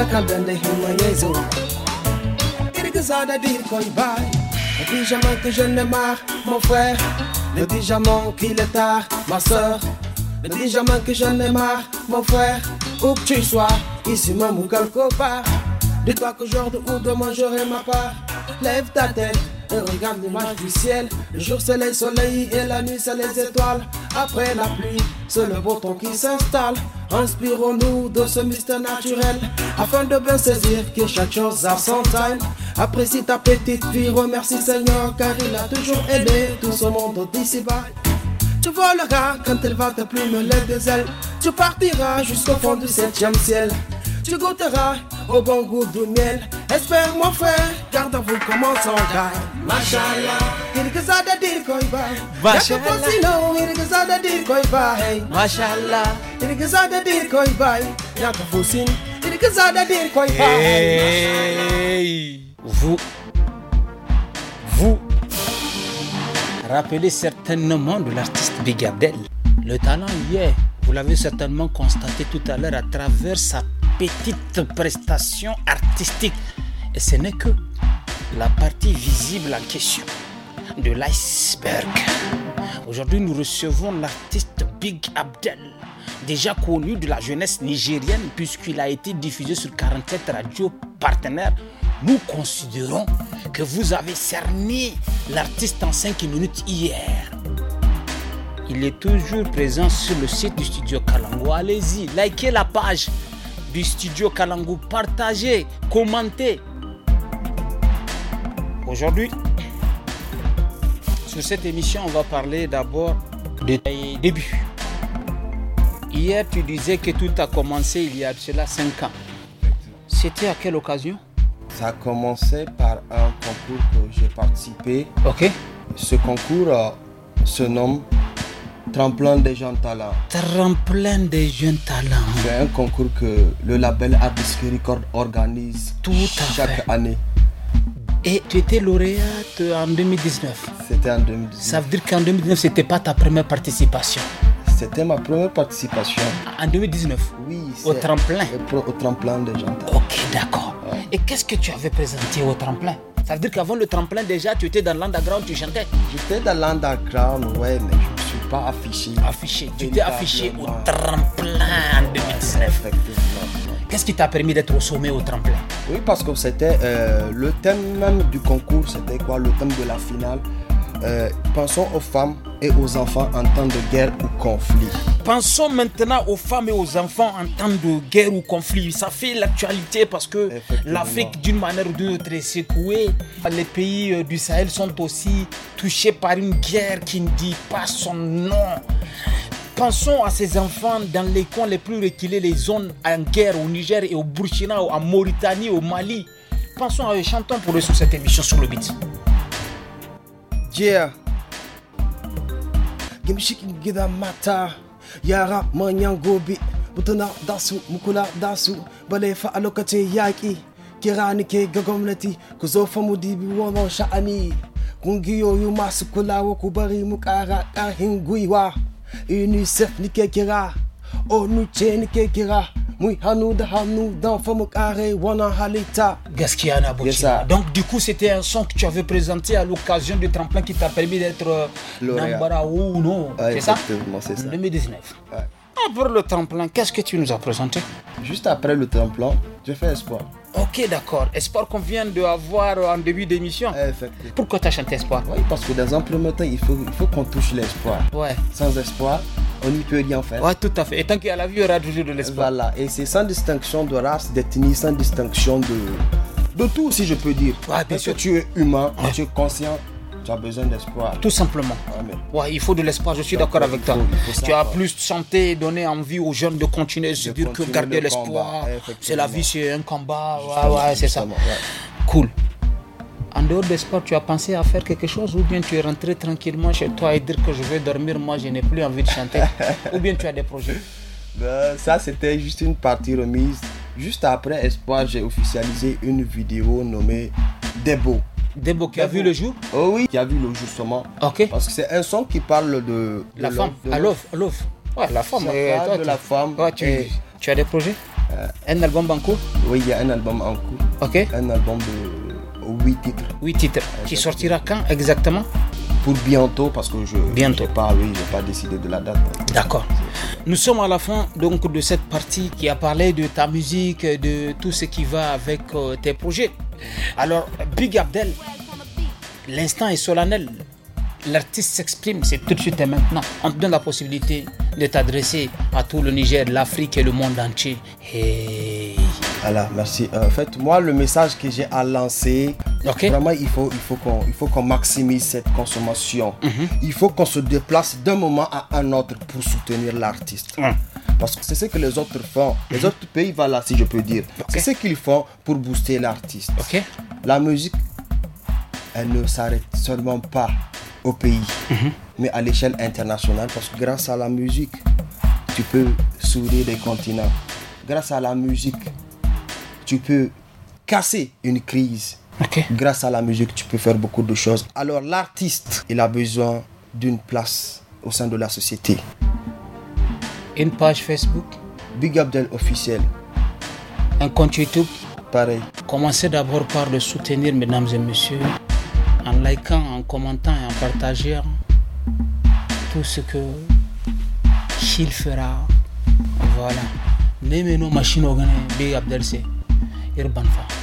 Les kalbende Ne dis que je ne marre mon frère Ne dis jamais qu'il est tard ma soeur Ne dis que je ne marre mon frère Où que tu sois, ici même ou quelque part Dis-toi qu'aujourd'hui ou demain j'aurai ma part Lève ta tête et regarde l'image du ciel Le jour c'est le soleil et la nuit c'est les étoiles après la pluie, c'est le beau temps qui s'installe. Inspirons-nous de ce mystère naturel afin de bien saisir que chaque chose a son time. Apprécie ta petite vie, remercie Seigneur car il a toujours aidé tout ce monde d'ici-bas. Tu voleras quand elle va te plumer les des ailes. Tu partiras jusqu'au fond du septième ciel. Tu goûteras au bon goût du miel. Espère mon frère, gardez vous comme on gare. Machallah, il que ça de dire qu'on va. Machallah, il que ça de dire qu'on va. Machallah, il que ça de dire qu'on va. Y'a que vous il que ça de dire qu'on va. Vous, vous, rappelez certainement de l'artiste Bigardel. Le talent y est. Vous l'avez certainement constaté tout à l'heure à travers sa petite prestation artistique. Et ce n'est que la partie visible en question de l'iceberg. Aujourd'hui, nous recevons l'artiste Big Abdel, déjà connu de la jeunesse nigérienne puisqu'il a été diffusé sur 47 radios partenaires. Nous considérons que vous avez cerné l'artiste en 5 minutes hier. Il est toujours présent sur le site du studio Kalango. Allez-y, likez la page, du studio Kalangu. Partagez, commentez. Aujourd'hui, sur cette émission, on va parler d'abord des débuts. Hier, tu disais que tout a commencé il y a cela 5 ans. C'était à quelle occasion Ça a commencé par un concours que j'ai participé. Ok. Ce concours euh, se nomme Tremplin des jeunes talents. Tremplin des jeunes talents. C'est un concours que le label Abisque Record organise Tout chaque année. Et tu étais lauréate en 2019. C'était en 2019. Ça veut dire qu'en 2019, c'était pas ta première participation. C'était ma première participation. En 2019 Oui. Au tremplin Au tremplin des Jeunes Talents. Ok, d'accord. Et qu'est-ce que tu avais présenté au tremplin Ça veut dire qu'avant le tremplin, déjà, tu étais dans l'underground, tu chantais J'étais dans l'underground, ouais, mais affiché. Affiché. Tu t'es affiché au tremplin en 2019. Qu'est-ce qui t'a permis d'être au sommet au tremplin Oui, parce que c'était euh, le thème même du concours, c'était quoi Le thème de la finale. Euh, pensons aux femmes et aux enfants en temps de guerre ou conflit. Pensons maintenant aux femmes et aux enfants en temps de guerre ou conflit. Ça fait l'actualité parce que l'Afrique, d'une manière ou d'une autre, est secouée. Les pays euh, du Sahel sont aussi touchés par une guerre qui ne dit pas son nom. Pensons à ces enfants dans les coins les plus reculés, les zones en guerre au Niger et au Burkina, en Mauritanie, au Mali. Pensons à eux, chantons pour eux sur cette émission sur le beat. Yeah. Give me yara manyan gobe mutuna da su mukula da su bale fa a lokacin yaƙi kira nike ga gwamnati ku zo fa mu dibi wannan sha'ani kungiyoyi masu kulawa ku bari mu ƙara ƙarhin gwiwa unicef nike kira onu ce nike kira Oui, kare wana halita Gaskiana donc du coup c'était un son que tu avais présenté à l'occasion du tremplin qui t'a permis d'être euh, Nambara ou non c'est ça c'est ça 2019 ouais. Après le tremplin, qu'est-ce que tu nous as présenté Juste après le tremplin, j'ai fait espoir. Ok, d'accord. Espoir qu'on vient d'avoir en début d'émission. Pourquoi tu as chanté espoir Oui, parce que dans un premier temps, il faut, qu'on touche l'espoir. Ouais. Sans espoir, on n'y peut rien faire. Oui, tout à fait. Et tant qu'il y a la vie, il y aura toujours de l'espoir. Voilà, et c'est sans distinction de race, d'ethnie, sans distinction de, de tout, si je peux dire. Parce Que tu es humain, tu es conscient tu as besoin d'espoir. Tout simplement. Ouais, il faut de l'espoir, je suis d'accord avec toi. tu as plus de santé, donner envie aux jeunes de continuer, c'est dire que garder l'espoir. C'est la vie, c'est un combat. Ouais, ouais, c'est ça. Cool en dehors de tu as pensé à faire quelque chose ou bien tu es rentré tranquillement chez toi et dire que je vais dormir, moi je n'ai plus envie de chanter ou bien tu as des projets ben, Ça, c'était juste une partie remise. Juste après Espoir, j'ai officialisé une vidéo nommée Debo. Debo qui a vu le jour Oh oui, qui a vu le jour justement. Ok. Parce que c'est un son qui parle de. la femme, à l'offre, la femme. de la femme. tu... as des projets euh. Un album en cours Oui, il y a un album en cours. Ok. Un album de huit titres. Huit titres. Qui sortira quand exactement Pour bientôt, parce que je bientôt. pas, oui, pas décidé de la date. D'accord. Nous sommes à la fin donc de cette partie qui a parlé de ta musique, de tout ce qui va avec euh, tes projets. Alors, Big Abdel, l'instant est solennel. L'artiste s'exprime, c'est tout de suite et maintenant. On te donne la possibilité de t'adresser à tout le Niger, l'Afrique et le monde entier. Et... Voilà, merci. Euh, en fait, moi, le message que j'ai à lancer, vraiment, il faut, il faut qu'on, faut qu'on maximise cette consommation. Mhm. Il faut qu'on se déplace d'un moment à un autre pour soutenir l'artiste. Parce que c'est ce que les autres font. Les mhm. autres pays, voilà, si je peux dire. C'est ce qu'ils font pour booster l'artiste. La musique, elle ne s'arrête seulement pas au pays, mhm. mais à l'échelle internationale. Parce que grâce à la musique, tu peux sourire des continents. Grâce à la musique, tu peux casser une crise. Grâce à la musique, tu peux faire beaucoup de choses. Alors l'artiste, il a besoin d'une place au sein de la société. Une page Facebook Big Abdel officiel. Un compte YouTube Pareil. Commencez d'abord par le soutenir, mesdames et messieurs, en likant, en commentant et en partageant tout ce que qu'il fera. Voilà. nos machines machine Big Abdel c'est. Irbanfa